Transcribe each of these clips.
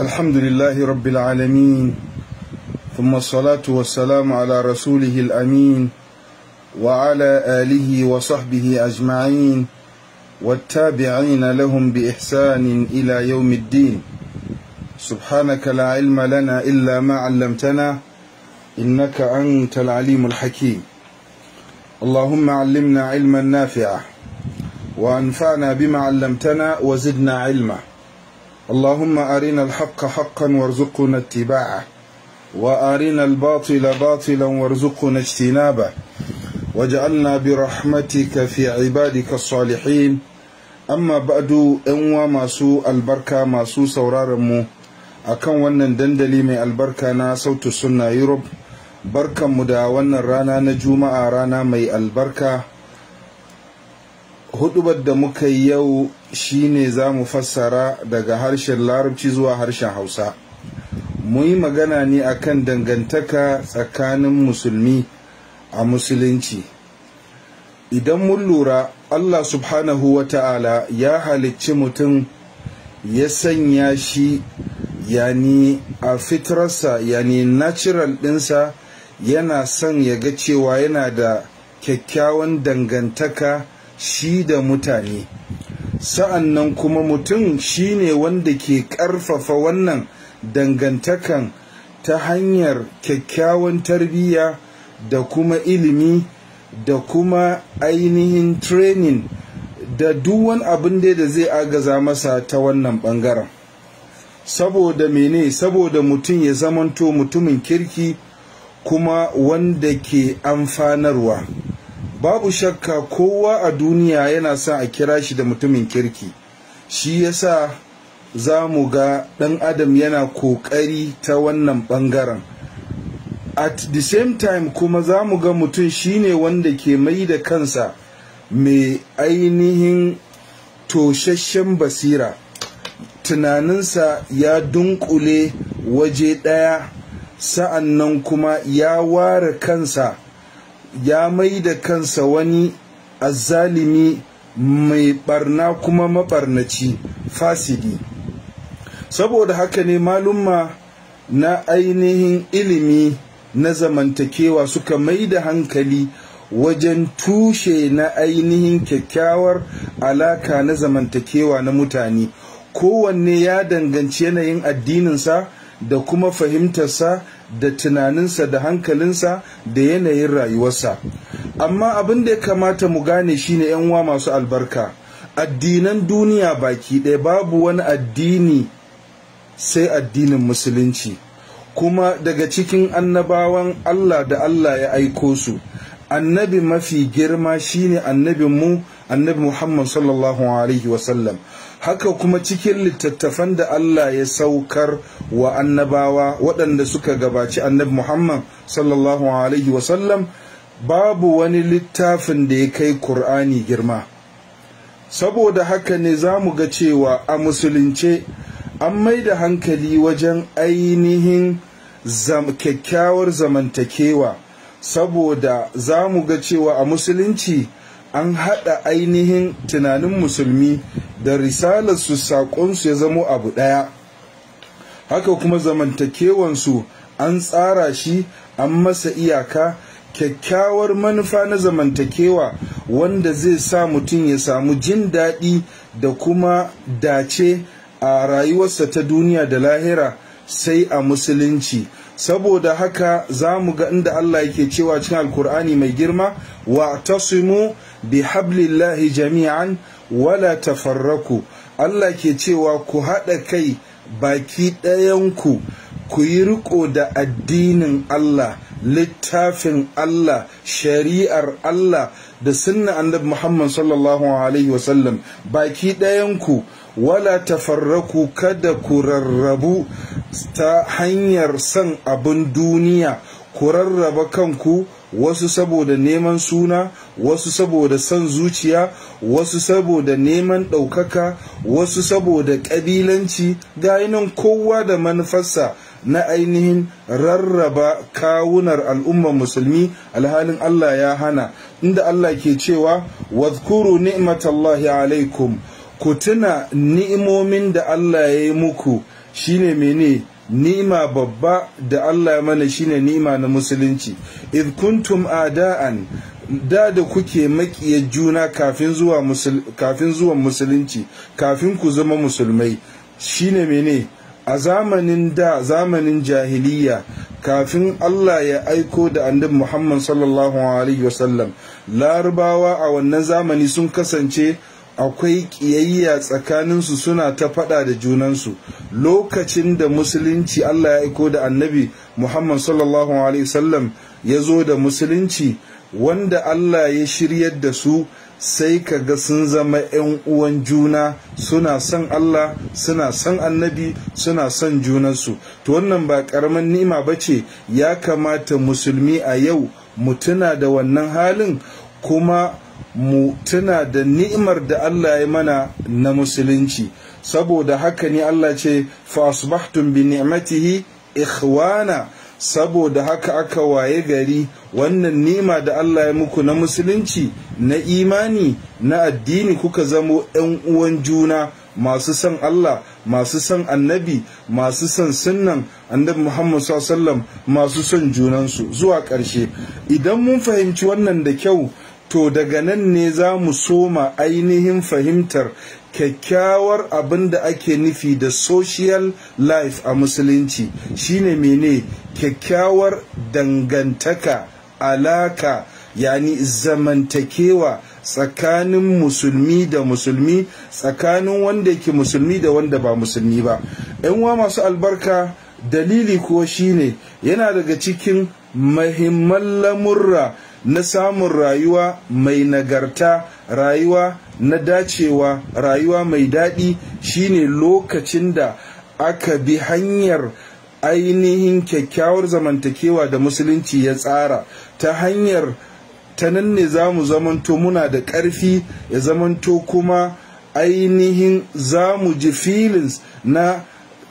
الحمد لله رب العالمين ثم الصلاة والسلام على رسوله الأمين وعلى آله وصحبه أجمعين والتابعين لهم بإحسان إلى يوم الدين سبحانك لا علم لنا إلا ما علمتنا إنك أنت العليم الحكيم اللهم علمنا علما نافعا وأنفعنا بما علمتنا وزدنا علما اللهم أرنا الحق حقا وارزقنا اتباعه وأرنا الباطل باطلا وارزقنا اجتنابه واجعلنا برحمتك في عبادك الصالحين أما بعد أنوا ماسو البركة ماسو سورار مو akan wannan دندلي من البركة na السنة sunna بركة barkanmu رانا wannan آرانا na البركة hudubar da muka yi yau shine za mu fassara daga harshen larabci zuwa harshen hausa mu yi magana ne akan dangantaka tsakanin musulmi a musulunci idan mun lura allah subhanahu wa ta'ala ya halicci mutum ya sanya shi yani a fitrarsa yani natural ɗinsa yana son ya ga cewa yana da kyakkyawan dangantaka shi da mutane sa'an nan kuma mutum shi ne wanda ke ƙarfafa wannan dangantakan ta hanyar kyakkyawan tarbiyya da kuma ilimi da kuma ainihin training da duwan abin da zai agaza masa ta wannan ɓangaren saboda mene saboda mutum ya zamanto mutumin kirki kuma wanda ke amfanarwa. babu shakka kowa a duniya yana sa a kira shi da mutumin kirki shi yasa za mu ga 'dan adam yana ƙoƙari ta wannan ɓangaren at the same time kuma za mu ga mutum shine wanda ke mai da kansa mai ainihin toshashen basira tunaninsa ya dunkule waje ɗaya sa'annan kuma ya ware kansa ya mai da kansa wani azzalimi mai barna kuma mabarnaci fasidi saboda haka ne malumma na ainihin ilimi na zamantakewa suka mai da hankali wajen tushe na ainihin kyakkyawar alaka na zamantakewa na mutane kowanne ya danganci yanayin addininsa da kuma fahimtarsa da tunaninsa da hankalinsa da yanayin rayuwarsa amma abin da ya kamata mu gane shine yan uwa masu albarka addinan duniya baki ɗaya babu wani addini sai addinin musulunci kuma daga cikin annabawan Allah da Allah ya aiko su annabi mafi girma shine annabinmu annabi Muhammad sallallahu alaihi wasallam haka kuma cikin littattafan da Allah ya saukar wa annabawa waɗanda suka gabaci annabi Muhammad sallallahu alaihi wasallam babu wani littafin da ya kai Kur'ani girma saboda haka ne za mu ga cewa a musulunce an mai da hankali wajen ainihin kyakkyawar zamantakewa saboda za mu ga cewa a musulunci an haɗa ainihin tunanin musulmi da risalarsu saƙonsu ya zamo abu ɗaya haka kuma zamantakewansu an tsara shi an masa iyaka kyakkyawar manufa na zamantakewa wanda zai sa mutum ya samu jin daɗi da kuma dace a rayuwarsa ta duniya da lahira sai a musulunci saboda haka za mu ga inda Allah yake cewa cikin alkur'ani mai girma wa'tasimu bi hablillahi jami'an wala tafarraku Allah ke cewa ku haɗa kai baki ɗayan ku yi riko da addinin Allah littafin Allah shari'ar Allah da sunna annabi Muhammad sallallahu alaihi wasallam baki dayanku wala tafarraku kada ku rarrabu ta hanyar son abin duniya ku rarraba kanku wasu saboda neman suna wasu saboda son zuciya wasu saboda neman ɗaukaka wasu saboda ƙabilanci ga nan kowa da manufarsa na ainihin rarraba kawunar al'ummar musulmi alhalin Allah ya hana inda Allah ke cewa wadhkuru ni'matallahi alaikum ku tuna ni'imomin da Allah ya yi muku shine mene Nima babba da Allah ya mana shine nima na musulunci id kuntum ada'an da da kuke makiya juna kafin zuwa kafin zuwan musulunci kafin ku zama musulmai shine mene a zamanin da zamanin jahiliya kafin Allah ya aiko da annabi Muhammad sallallahu alaihi wasallam larabawa a wannan zamani sun kasance akwai ƙiyayya tsakaninsu suna ta faɗa da junansu lokacin da musulunci Allah ya aiko da annabi Muhammad sallallahu alaihi wasallam ya zo da musulunci wanda Allah ya shiryar da su sai ka ga sun zama 'yan uwan juna suna son Allah suna son annabi suna son junansu to wannan ba ƙaramin nima ba ce ya kamata musulmi a yau mutuna da wannan halin kuma mu tuna da ni'imar da Allah ya mana na musulunci saboda haka ne Allah ce fasbahtum bi ni'matihi ikhwana saboda haka aka waye gari wannan ni'ima da Allah ya muku na musulunci na imani na addini kuka zamo 'yan uwan juna masu son Allah masu son annabi masu son sunnan annabi Muhammad sallam masu son su zuwa ƙarshe idan mun fahimci wannan da kyau to daga nan ne za mu soma ainihin fahimtar kyakkyawar abin da ake nufi da social life a musulunci shine mene kyakkyawar dangantaka alaka yani zamantakewa tsakanin musulmi da musulmi tsakanin wanda yake musulmi da wanda ba musulmi ba yan uwa masu albarka dalili kuwa shine yana daga cikin mahimman lamurra na samun rayuwa mai nagarta rayuwa na dacewa rayuwa mai daɗi shine lokacin da aka bi hanyar ainihin kyakkyawar zamantakewa da musulunci ya tsara ta hanyar ta nan ne za mu zamanto muna da ƙarfi ya zamanto kuma ainihin za mu ji feelings na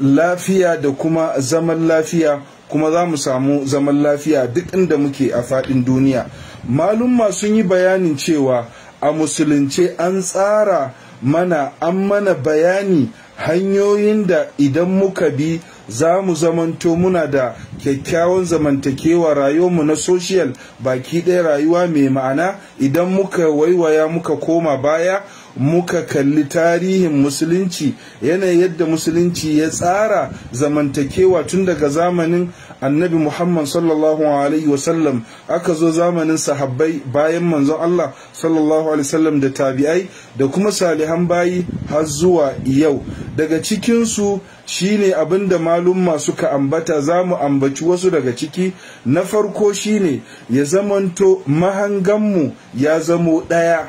lafiya da kuma zaman lafiya kuma za mu samu zaman lafiya duk inda muke a faɗin duniya malumma sun yi bayanin cewa a musulunce an tsara mana an mana bayani hanyoyin da idan muka bi za mu zamanto muna da kyakkyawan zamantakewa rayuwarmu na social baki ɗaya rayuwa mai ma'ana idan muka waiwaya muka koma baya muka kalli tarihin musulunci yanayin yadda musulunci ya tsara zamantakewa tun daga zamanin annabi muhammad sallallahu alaihi wasallam aka zo zamanin sahabbai bayan manzon allah sallallahu alaihi wasallam da tabi'ai da kuma salihan bayi har zuwa yau daga cikinsu shine abin da malumma suka ambata za mu ambaci wasu daga ciki na farko shine ya zamanto mahanganmu ya zamo ɗaya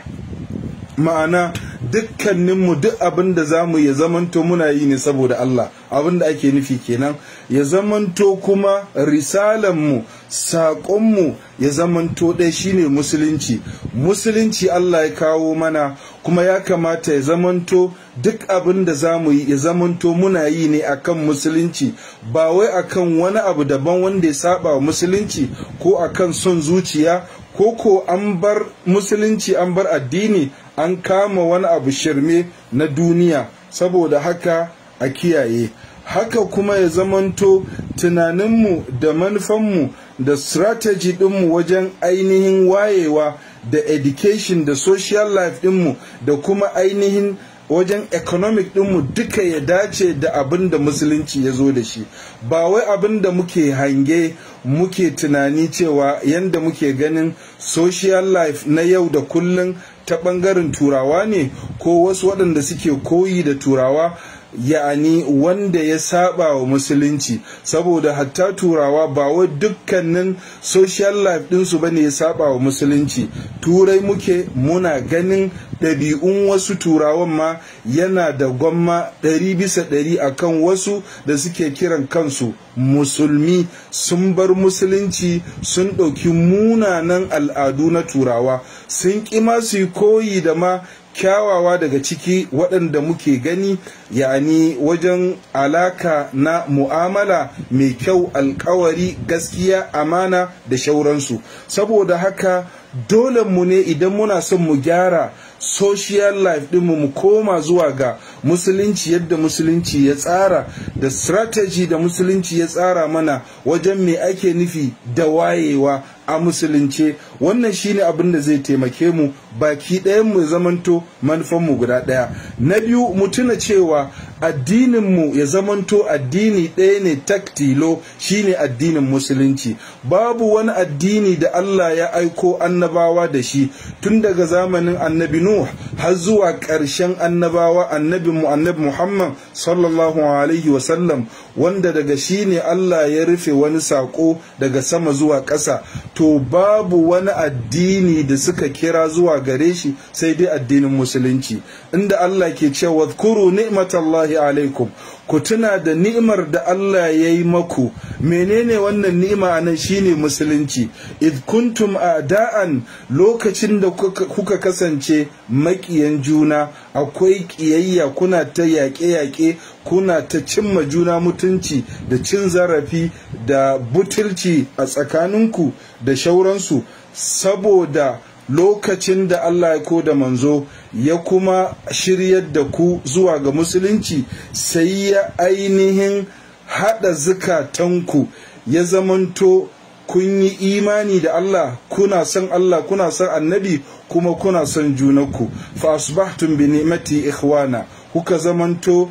ma'ana dukkaninmu duk abin da za mu ya zamanto muna yi ne saboda Allah abin da ake nufi kenan ya zamanto kuma risalanmu saƙonmu ya zamanto ɗaya shine musulunci musulunci Allah ya kawo mana kuma ya kamata ya zamanto duk abin da za mu yi ya zamanto muna yi ne akan musulunci ba wai akan wani abu daban wanda ya saba musulunci ko akan son zuciya ko ko an bar musulunci an bar addini an kama wani abu shirme na duniya saboda haka a kiyaye haka kuma ya zamanto tunaninmu da manufanmu da strategy ɗinmu wajen ainihin wayewa da education da social life dinmu da kuma ainihin wajen economic dinmu duka ya dace da abin da musulunci ya zo da shi ba wai abin da muke hange muke tunani cewa yadda muke ganin social life na yau da kullum. ta ɓangaren turawa ne ko wasu waɗanda suke koyi da turawa yani wanda ya saba wa musulunci saboda hatta turawa ba wa dukkanin social life dinsu ba ne ya saba wa musulunci turai muke muna ganin ɗabi'un wasu turawan ma yana da gwamma ɗari bisa ɗari a kan wasu da suke kiran kansu musulmi sun bar musulunci sun ɗauki munanan al'adu na turawa sun ƙi ma su yi koyi da ma kyawawa daga ciki waɗanda muke gani yani wajen alaka na mu'amala mai kyau alkawari gaskiya amana da shauransu saboda haka dole mu ne idan muna son mu gyara social life dinmu mu koma zuwa ga musulunci yadda musulunci ya tsara da strategy da musulunci ya tsara mana wajen me ake nufi da wayewa a musulunce wannan shine abin da zai taimake mu baki ɗayan mu zamanto manufan mu guda ɗaya na biyu mutuna cewa addininmu ya zamanto addini ɗaya ne taktilo shine addinin musulunci babu wani addini da Allah ya aiko annabawa da shi tun daga zamanin annabi Nuh har zuwa ƙarshen annabawa annabi mu annabi Muhammad sallallahu alaihi wasallam wanda daga shi ne Allah ya rufe wani saƙo daga sama zuwa ƙasa to babu wani addini da suka kira zuwa gare shi sai dai addinin musulunci inda Allah ke ce kuru ni'matallahi alaikum ku tuna da ni'imar da Allah ya yi maku menene wannan ni'ima anan shine musulunci id kuntum a'da'an lokacin da kuka kasance maƙiyan juna akwai ƙiyayya kuna ta yaƙe-yaƙe kuna ta cimma juna mutunci da cin zarafi da butulci a tsakaninku da shauransu saboda lokacin da Allah ya ko da manzo ya kuma shiryar da ku zuwa ga musulunci sai ya ainihin haɗa zukatanku ya zamanto kun yi imani da Allah kuna son Allah kuna son annabi kuma kuna son junanku fa asbahtum bi ni'mati ikhwana kuka zamanto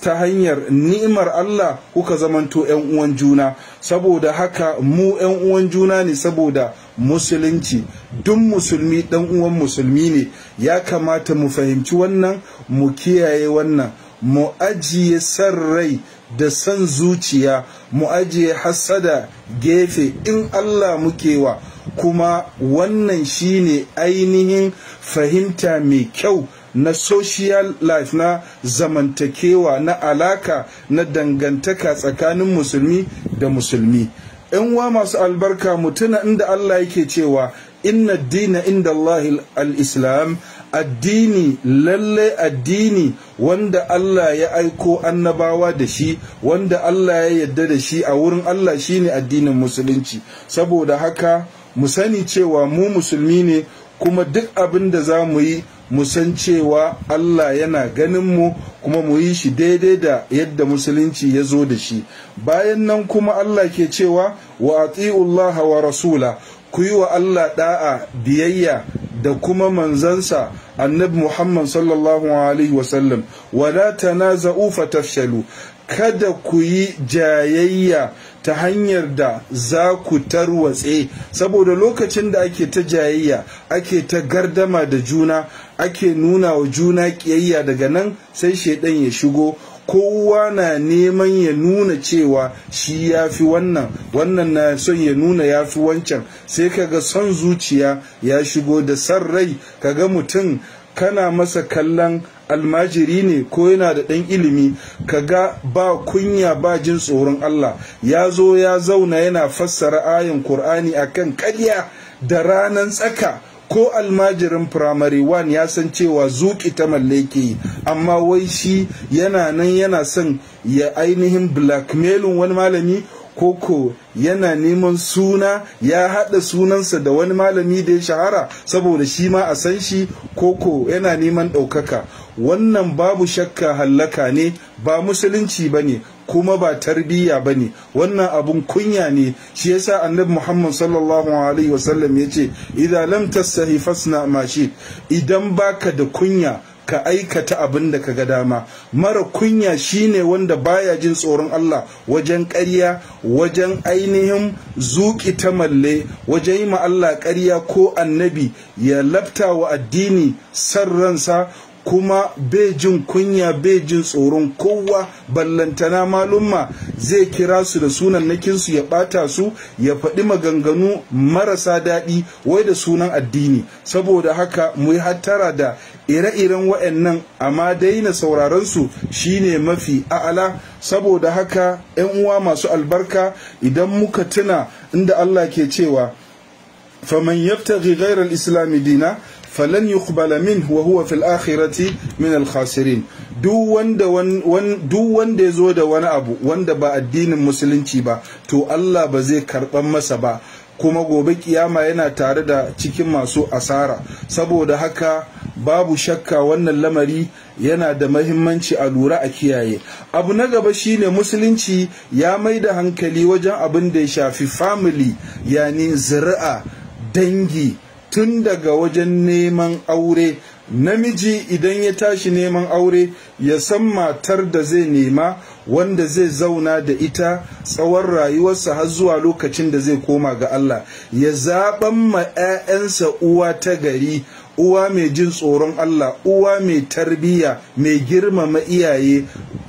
ta hanyar ni'imar Allah kuka zamanto ‘yan uwan juna saboda haka mu ‘yan uwan juna ne saboda musulunci duk musulmi ɗan uwan musulmi ne ya kamata mu fahimci wannan mu kiyaye wannan mu ajiye san rai da san zuciya mu ajiye hassada gefe in Allah muke wa kuma wannan shine ainihin fahimta mai kyau na social life na zamantakewa na alaka na dangantaka tsakanin musulmi da musulmi In wa masu albarka mutuna inda Allah yake cewa inna dina inda Allah al-islam addini lalle addini wanda Allah ya aiko annabawa da shi wanda Allah ya yarda da shi a wurin Allah shine addinin musulunci saboda haka mu sani cewa mu musulmi ne kuma duk abin da za mu yi mu san cewa Allah yana ganin mu kuma mu yi shi daidai da yadda musulunci ya zo da shi bayan nan kuma Allah ke cewa wa ati'ullaha wa rasula ku yi wa Allah da'a biyayya da kuma manzansa annabi Muhammad sallallahu alaihi wasallam wala tanaza'u fatafshalu kada ku yi jayayya ta hanyar da za ku tarwatse saboda lokacin da ake ta jayayya ake ta gardama da juna ake nuna wa juna kiyayya daga nan sai shaidan ya shigo kowa na neman ya nuna cewa shi ya fi wannan wannan na son ya nuna ya fi wancan sai kaga son zuciya ya shigo da san rai kaga mutum kana masa kallon almajiri ne ko yana da ɗan ilimi ka ga ba kunya ba jin tsoron Allah ya zo ya zauna yana fassara ayin Kur'ani akan ƙarya da ranan tsaka ko almajirin firamare wan ya san cewa zuƙi ta mallake amma wai shi yana nan yana son ya ainihin blackmailin wani malami koko yana neman suna ya haɗa sunansa da wani malami da ya shahara saboda shi ma a san shi koko yana neman ɗaukaka wannan babu shakka hallaka ne ba musulunci ba ne kuma ba tarbiyya ba ne wannan abun kunya ne shi yasa annabi muhammad sallallahu alaihi wasallam ya ce idan lam tastahi fasna mashi idan baka da kunya ka aikata abin da ka ga dama mara kunya shine wanda baya jin tsoron Allah wajen ƙarya wajen ainihin zuƙi ta malle wajen yi ma Allah ƙarya ko annabi ya lafta wa addini san ransa kuma bai jin kunya bai jin tsoron kowa ballantana malumma zai kira su da sunan nakinsu ya bata su ya faɗi maganganu marasa daɗi wai da sunan addini saboda haka mu yi hattara da ire-iren waɗannan amma daina sauraron su shine mafi a'ala saboda haka 'yan uwa masu albarka idan muka tuna inda Allah ke cewa faman yabtaghi ghairal islami dina falan yuqbala min wa huwa fil akhirati min al khasirin duk wanda duk wanda da wani abu wanda ba addinin musulunci ba to Allah ba zai karban masa ba kuma gobe kiyama yana tare da cikin masu asara saboda haka babu shakka wannan lamari yana da mahimmanci a lura a kiyaye abu na gaba shine musulunci ya mai da hankali wajen abin da ya shafi family yani zuri'a dangi tun daga wajen neman aure namiji idan ya tashi neman aure ya san matar da zai nema wanda zai zauna da ita tsawon rayuwarsa har zuwa lokacin da zai koma ga Allah ya zaɓan ma 'ya'yansa uwa ta gari uwa mai jin tsoron Allah uwa mai tarbiyya mai girmama iyaye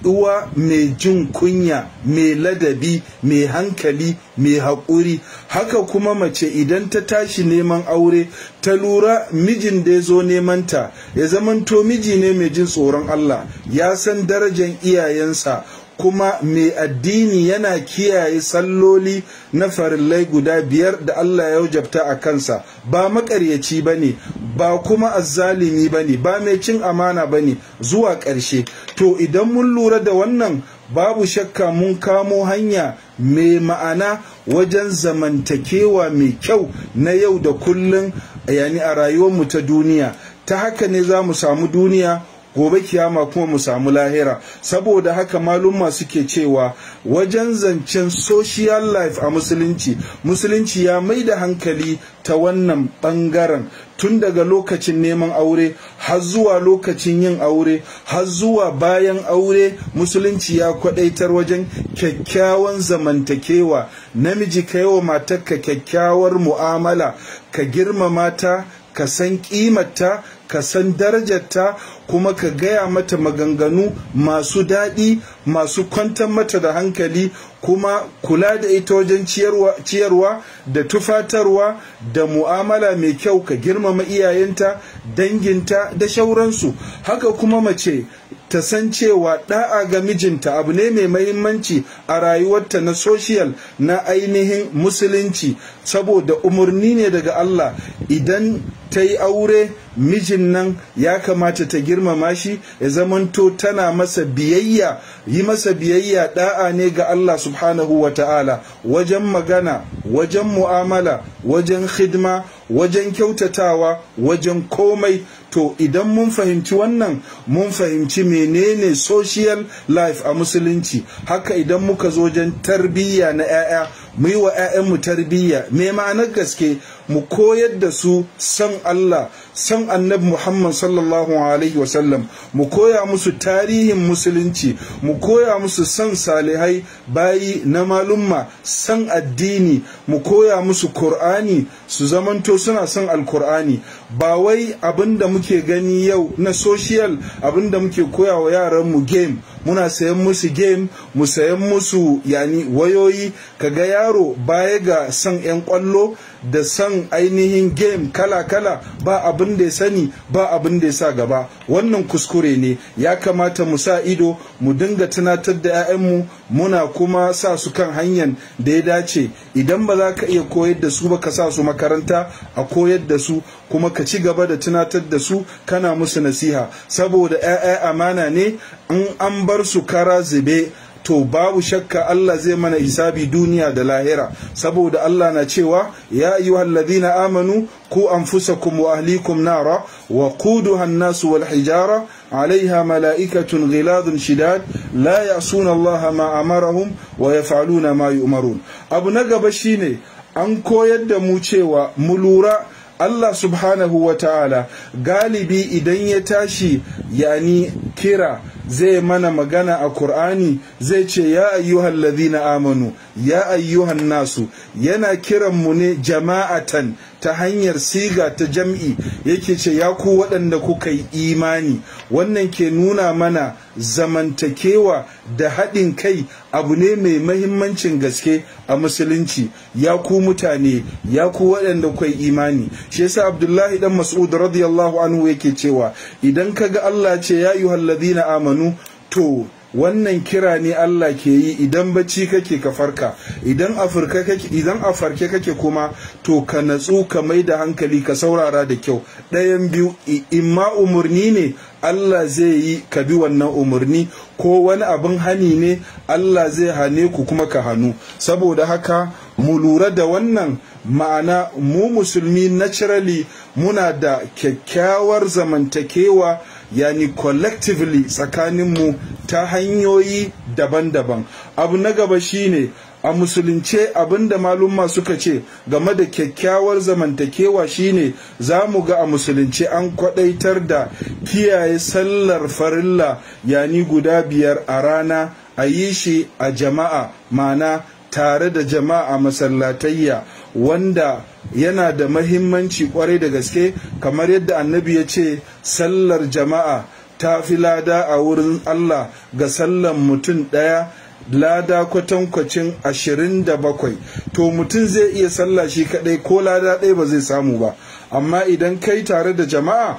uwa mai jin kunya mai ladabi mai hankali mai haƙuri haka kuma mace idan ta tashi neman aure ta lura mijin da ya zo nemanta ya zamanto miji ne mai jin tsoron Allah ya san darajan iyayensa kuma mai addini yana kiyaye salloli na farillai guda biyar da Allah ya wajabta a kansa ba makaryaci ba ne ba kuma azzalimi ba ne ba mai cin amana ba ne zuwa ƙarshe to idan mun lura da wannan babu shakka mun kamo hanya mai ma'ana wajen zamantakewa mai kyau na yau da kullum yani a rayuwarmu ta duniya ta haka ne za mu samu duniya gobe kiyama kuma mu samu lahira saboda haka malumma suke cewa wajen zancen social life a musulunci musulunci ya mai da hankali ta wannan bangaren tun daga lokacin neman aure har zuwa lokacin yin aure har zuwa bayan aure musulunci ya kwadaitar wajen kyakkyawan zamantakewa namiji ka yi wa matarka kyakkyawar mu'amala ka girmama ta ka san kimarta ka san darajarta kuma ka gaya mata maganganu masu daɗi masu kwantar mata da hankali kuma kula da ita wajen ciyarwa da tufatarwa da mu'amala mai kyau ka girmama iyayenta danginta da shauransu haka kuma mace ta san cewa ɗa'a ga mijinta abu ne mai mahimmanci a rayuwarta na social na ainihin musulunci saboda umarni ne daga Allah idan ta yi aure mijin nan ya kamata ta girmama shi ya zamanto tana masa biyayya yi masa biyayya da'a ne ga Allah subhanahu wa ta'ala wajen magana wajen mu'amala wajen khidma wajen kyautatawa wajen komai to idan mun fahimci wannan mun fahimci menene social life a musulunci haka idan muka zo wajen tarbiyya na 'ya'ya mu yi wa 'ya'yanmu tarbiyya me ma'anar gaske mu koyar da su san Allah san annabi Muhammad sallallahu alaihi wasallam mu koya musu tarihin musulunci mu koya musu san salihai bayi na malumma san addini mu koya musu Kur'ani su zamanto suna san alkur'ani ba wai abin da muke gani yau na social abin da muke koya wa yaran mu game muna sayan musu game mu sayan musu yani wayoyi kaga yaro baya ga son 'yan kwallo da son ainihin game kala-kala ba abin da ya sani ba abin da ya sa gaba wannan kuskure ne ya kamata mu sa ido mu dinga tunatar da 'ya'yanmu muna kuma sa su kan hanyar da ya dace idan ba za ka iya koyar da su ba ka sa su makaranta a koyar da su kuma ka ci gaba da tunatar da su kana musu nasiha saboda 'ya'ya amana ne in an bar su kara zube to babu shakka Allah zai mana hisabi duniya da lahira saboda Allah na cewa ya ayyuhal ladina amanu ku anfusakum wa ahlikum nara wa quduha an-nas wal hijara alaiha ghiladun shidad la ya'suna Allah ma amarahum wa yaf'aluna ma yu'marun abu nagaba shine an koyar da mu cewa mulura Allah subhanahu wa ta'ala galibi idan ya tashi yani kira zai mana magana a Kur'ani zai ce ya ayyuhan ladina amanu ya ayyuhan nasu yana kiran mu ne jama'atan ta hanyar siga ta jam'i yake ce ya ku waɗanda kuka yi imani wannan ke nuna mana zamantakewa da haɗin kai abu ne mai mahimmancin gaske a musulunci ya ku mutane ya ku waɗanda kuka yi imani shi yasa abdullahi dan mas'ud radiyallahu anhu yake cewa idan kaga Allah ce ya ayyuhallazina amanu to wannan kira ne Allah ke yi idan bacci kake ka farka idan afirka kake idan afarke kake kuma to ka natsu ka mai da hankali ka saurara da kyau ɗayan biyu imma umurni ne Allah zai yi ka bi wannan umurni ko wani abin hani ne Allah zai hane ku kuma ka hannu saboda haka mu lura da wannan ma'ana mu musulmi naturally muna da kyakkyawar zamantakewa yani collectively tsakaninmu ta hanyoyi daban-daban abu na gaba shine a musulunce abinda malumma suka ce game da kyakkyawar zamantakewa shine za mu ga a musulunce an kwadaitar da kiyaye sallar farilla yani guda biyar a rana a yi shi a jama'a mana tare da jama'a masallatayya wanda yana da mahimmanci kwarai da gaske kamar yadda annabi ya ce sallar jama'a ta fi lada a wurin Allah ga sallar mutum ɗaya lada kwatankwacin ashirin da bakwai to mutum zai iya sallashi shi kaɗai ko lada ɗaya ba zai samu ba amma idan kai tare da jama'a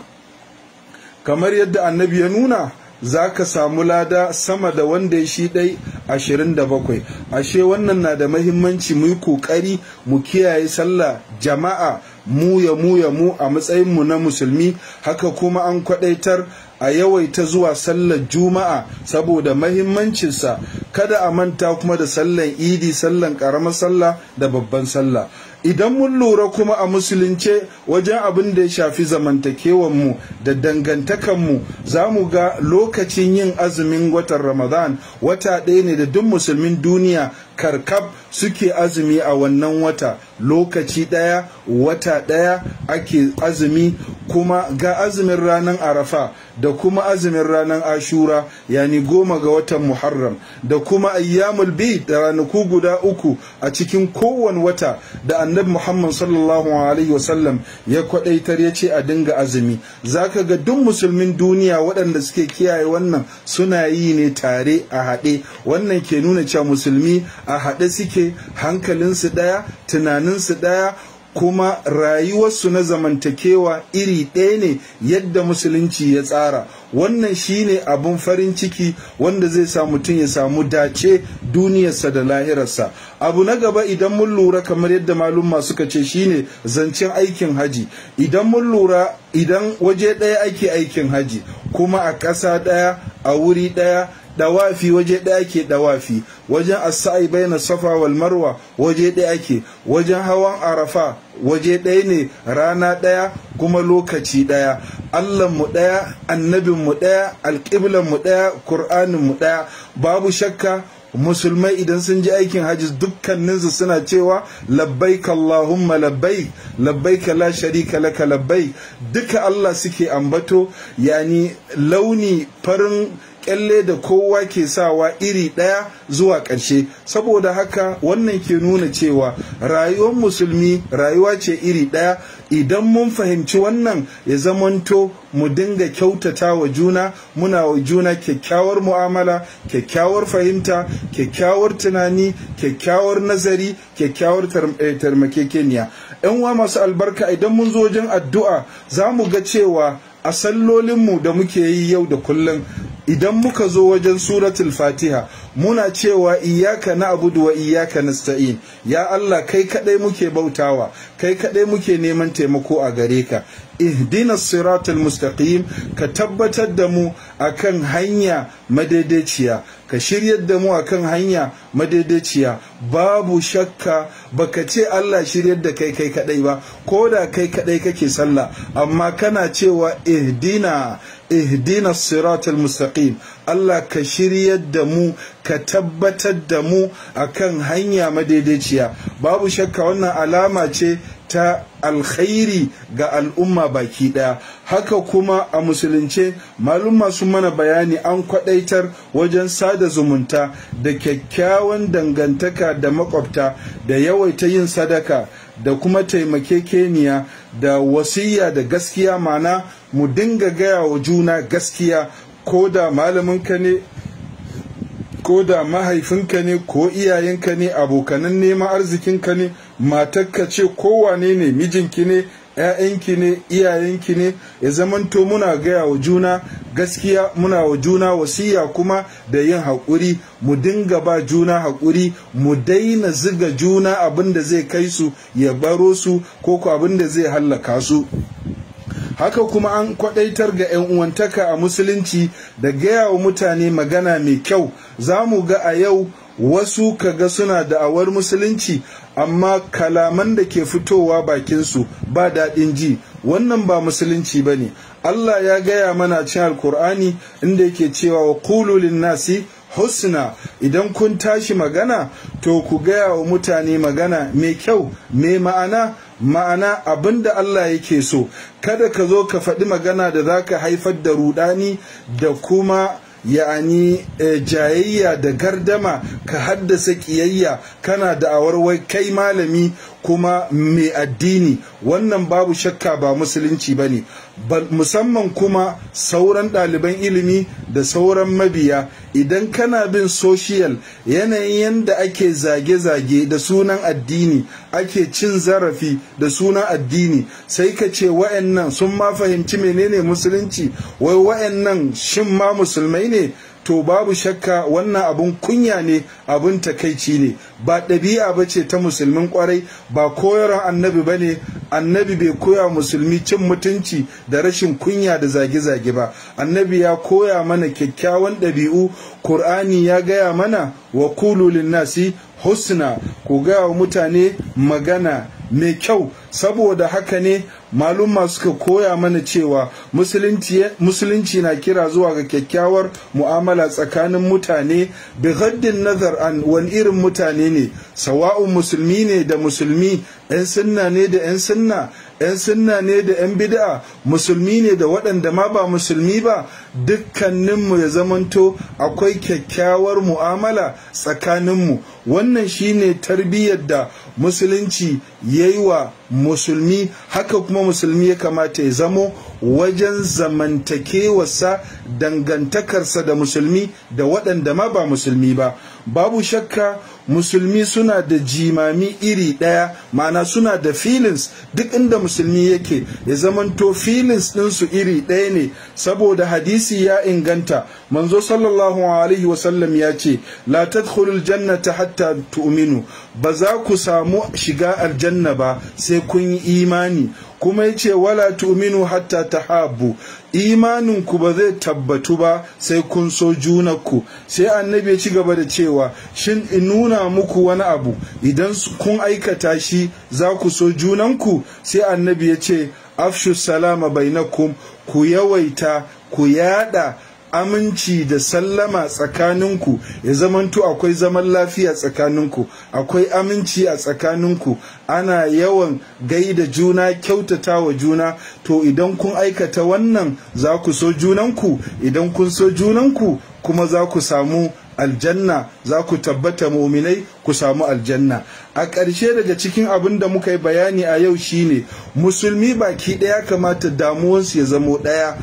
kamar yadda annabi ya nuna za ka samu lada sama da wanda ya shi ɗai ashirin da bakwai ashe wannan na da mahimmanci mu yi ƙoƙari mu kiyaye sallah jama'a mu ya mu ya mu a matsayinmu na musulmi haka kuma an kwaɗaitar a yawaita zuwa sallar juma'a saboda mahimmancinsa kada a manta kuma da sallan idi sallar ƙaramar sallah da babban sallah idan mun lura kuma a musulunce wajen abin da ya shafi zamantakewanmu da dangantakanmu za mu ga lokacin yin azumin watan ramadan wata ɗaya ne da duk musulmin duniya karkab suke azumi a wannan wata lokaci ɗaya wata ɗaya ake azumi kuma ga azumin ranar arafa da kuma azumin ranar ashura yani goma ga watan muharram da kuma ayyamul bi da ranaku guda uku a cikin kowane wata da annabi muhammad sallallahu alaihi wasallam ya kwadaitar ya ce a dinga azumi zaka ga duk musulmin duniya waɗanda suke kiyaye wannan suna yi ne tare a haɗe wannan ke nuna cewa musulmi a haɗe suke hankalinsu ɗaya tunaninsu ɗaya kuma rayuwarsu na zamantakewa iri ɗaya ne yadda musulunci ya tsara wannan shine abin farin ciki wanda zai sa mutum ya samu dace duniyarsa da lahirarsa abu na gaba idan mun lura kamar yadda malumma suka ce shine zancen aikin haji idan mun lura idan waje ɗaya ake aikin haji kuma a ƙasa ɗaya a wuri ɗaya ɗawafi waje ɗaya ke ɗawafi. wajen asai baina safa wal marwa waje ɗaya ake wajen hawan arafa waje ɗaya ne rana ɗaya kuma lokaci ɗaya mu ɗaya annabinmu ɗaya alƙiblanmu ɗaya ƙur'aninmu ɗaya babu shakka musulmai idan sun ji aikin hajji dukkaninsu suna cewa labbai Allahumma labbaik kala la kala laka labbaik duka Allah suke ambato yani launi farin kyalle da kowa ke sawa iri ɗaya zuwa ƙarshe saboda haka wannan ke nuna cewa rayuwar musulmi rayuwa ce iri ɗaya idan mun fahimci wannan ya zamanto mu dinga kyautata wa juna muna wa juna kyakkyawar mu'amala kyakkyawar fahimta kyakkyawar tunani kyakkyawar nazari kyakkyawar eh, tarmakekeniya yan uwa masu albarka idan mun zo wajen addu'a za mu ga cewa a sallolinmu da muke yi yau da kullum idan muka zo wajen suratul fatiha muna cewa iyaka na abudu wa iyaka nasta'in ya Allah kai kadai muke bautawa kai kadai muke neman taimako a gare ka ihdina siratal mustaqim ka tabbatar da mu akan hanya madaidaiciya ka shiryar da mu akan hanya madaidaiciya babu shakka ba ka ce Allah shiryar da kai kai kadai ba ko da kai kadai kake sallah amma kana cewa ihdina ihdina siratul mustaqim Allah ka shiryar da mu ka tabbatar da mu akan hanya madaidaiciya babu shakka wannan alama ce ta alkhairi ga al'umma baki ɗaya haka kuma a musulunce malumma masu mana bayani an kwaɗaitar wajen sada zumunta da kyakkyawan dangantaka da makwabta da yawaita yin sadaka da kuma taimakekeniya da wasiya da gaskiya mana mu dinga gaya wa juna gaskiya ko da malaminka ne ko da mahaifinka ne ko iyayenka ne abokanan neman arzikinka ne matarka ce kowane ne mijinki ne ‘ya'yanki ne iyayenki ne ya zamanto muna gaya wa juna gaskiya muna wa juna wasiya kuma da yin haƙuri mu dinga ba juna haƙuri mu daina ziga juna abin da zai kai su ya baro su ko ku abin da zai hallaka su haka kuma an kwadaitar ga 'yan uwantaka a musulunci da gaya wa mutane magana mai kyau za mu ga a yau wasu kaga suna da'awar musulunci amma kalaman da ke fitowa bakinsu ba daɗin ji wannan ba musulunci ba ne allah ya gaya mana cin alkur'ani inda yake cewa wa kululin nasi husna idan kun tashi magana to ku gaya wa mutane magana mai kyau mai ma'ana ma'ana abin da Allah yake so kada ka zo ka faɗi magana da za ka haifar da rudani da kuma ya'ani e, jayayya da gardama ka haddasa ƙiyayya kana da wai kai malami kuma mai addini wannan babu shakka ba musulunci ba ne musamman kuma sauran ɗaliban ilimi da sauran mabiya idan kana bin social yanayin yadda ake zage-zage da sunan addini ake cin zarafi da sunan addini sai ka ce wa'annan sun ma fahimci menene musulunci wai wa'annan shin ma musulmai ne to babu shakka wannan abun kunya ne abun takaici ne ba ɗabi'a ba ce ta musulmin kwarai ba koyarwa annabi ba ne annabi bai koya musulmi cin mutunci da rashin kunya da zage-zage ba annabi ya koya mana kyakkyawan ɗabi'u ƙur'ani ya gaya mana wa kululin nasi husna ku gaya wa mutane magana mai kyau saboda haka ne malumma suka koya mana cewa musulunci na kira zuwa ga kyakkyawar mu'amala tsakanin mutane bi haddin nazar an wani irin mutane ne sawa'un musulmi ne da musulmi 'yan sunna ne da 'yan sunna 'yan sunna ne da 'yan bida'a musulmi ne da waɗanda ma ba musulmi ba dukkaninmu ya zamanto akwai kyakkyawar mu'amala tsakaninmu wannan shine tarbiyyar da musulunci ya yi wa musulmi haka kuma musulmi ya kamata ya zamo wajen zamantakewarsa dangantakarsa da musulmi da waɗanda ma ba musulmi ba babu shakka musulmi suna da jimami iri ɗaya mana suna da filins duk inda musulmi yake ya zamanto feelings ɗinsu iri ɗaya ne saboda hadisi ya inganta manzo sallallahu alaihi wasallam ya ce la tadkhulul jannata hatta tu'minu ba za ku samu shiga aljanna ba sai kun yi imani kuma ya ce wala tu'minu hatta ta habu imaninku ba zai tabbatu ba sai kun so junanku sai annabi ya ci gaba da cewa shin in nuna muku wani abu idan kun aikata shi za ku so junanku sai annabi ya ce afshu salama bainakum ku yawaita ku yada aminci da sallama tsakaninku ya zamanto akwai zaman lafiya tsakaninku akwai aminci a tsakaninku ana yawan gaida juna kyautata wa juna to idan kun aikata wannan za ku so junanku idan kun so junanku kuma za ku samu aljanna za ku tabbata muminai ku samu aljanna a ƙarshe daga cikin abin da muka yi bayani a yau shine musulmi baki ɗaya kamata damuwarsu ya zamo ɗaya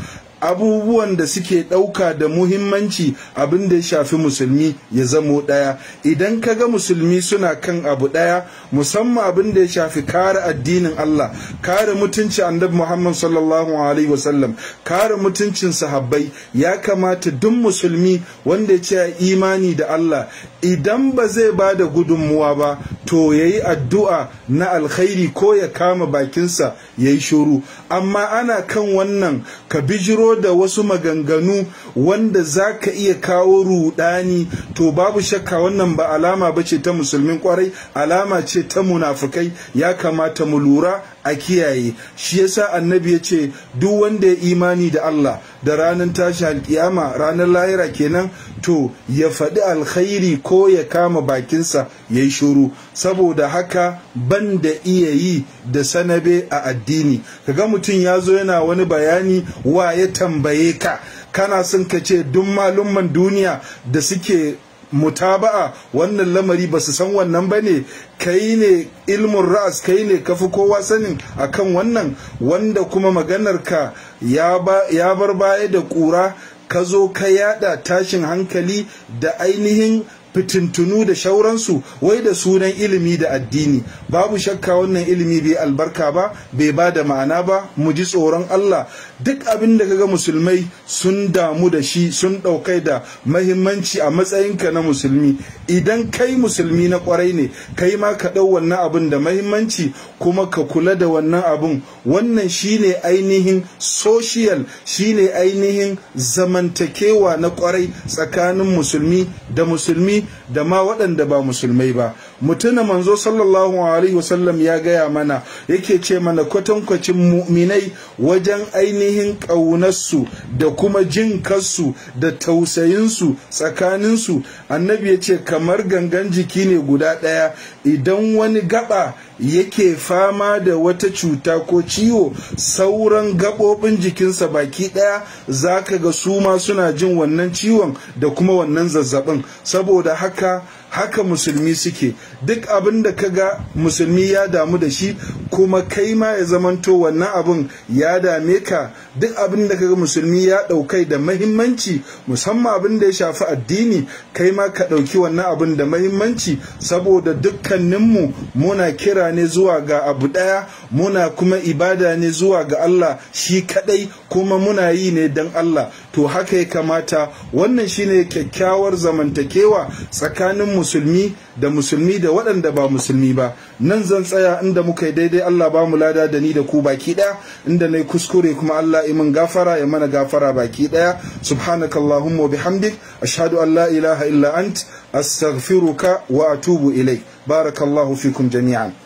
abubuwan da suke ɗauka da muhimmanci abin da ya shafi musulmi ya zamo ɗaya idan ka ga musulmi suna kan abu ɗaya musamman abin da ya shafi kare addinin Allah kare mutunci annabi Muhammad sallallahu alaihi wasallam kare mutuncin sahabbai ya kamata duk musulmi wanda ya ce imani da Allah idan ba zai ba da gudunmuwa ba to ya yi addu'a na alkhairi ko ya kama bakinsa ya yi shuru amma ana kan wannan ka bijiro ko da wasu maganganu wanda za ka iya kawo rudani to babu shakka wannan ba alama ba ce ta musulmin kwarai alama ce ta munafukai ya kamata mu lura a kiyaye shi yasa annabi ya ce duk wanda ya imani da Allah da ranar tashi alkiyama ranar lahira kenan to ya faɗi alkhairi ko ya kama bakinsa ya yi shuru saboda haka ban da iya yi da sanabe a addini kaga mutum ya zo yana wani bayani wa ya tambaye ka kana son ka ce duk malumman duniya da suke mutaba'a wannan lamari ba su san wannan ba ne kai ne ilmin ra'as kai ne kafi kowa sanin akan wannan wanda kuma maganar ka ya bar baya da ƙura ka zo ka yada tashin hankali da ainihin fitintunu da shauransu wai da sunan ilimi da addini babu shakka wannan ilimi bai albarka ba bai ba da ma'ana ba mu ji tsoron Allah duk abin da kaga musulmai sun damu da shi sun ɗaukai da mahimmanci a matsayinka na musulmi idan kai musulmi na kwarai ne kai ma ka ɗau wannan abin da mahimmanci kuma ka kula da wannan abin wannan shine ainihin social shine ainihin zamantakewa na kwarai tsakanin musulmi da musulmi da ma waɗanda ba musulmai ba mutuna manzo sallallahu alaihi wasallam ya gaya mana yake ce mana kwatankwacin mu'minai wajen ainihin ƙaunarsu da kuma jin kansu da tausayinsu tsakaninsu annabi ya ce kamar gangan jiki ne guda ɗaya idan wani gaba yake fama da wata cuta ko ciwo sauran gaɓoɓin jikinsa baki ɗaya za ka ga su ma suna jin wannan ciwon da kuma wannan zazzabin saboda haka haka musulmi suke duk abin da ka ga musulmi ya damu da shi kuma kai ma ya zamanto wannan abin ya dame ka duk abin da ka ga musulmi ya ɗaukai da mahimmanci musamman abin da ya shafi addini kai ma ka ɗauki wannan abin da mahimmanci saboda dukkaninmu muna kira ne zuwa ga abu ɗaya muna kuma ibada ne zuwa ga Allah shi kaɗai kuma muna yi ne don Allah to haka ya kamata wannan shine kyakkyawar zamantakewa tsakanin musulmi da musulmi da waɗanda ba musulmi ba nan zan tsaya inda muka yi daidai Allah ba mu lada da ni da ku baki ɗaya inda na yi kuskure kuma Allah imin gafara ya mana gafara baki ɗaya subhanakallahumma bihamdik ashhadu an la ilaha illa ant astaghfiruka wa atubu ilai. barakallahu fikum jami'an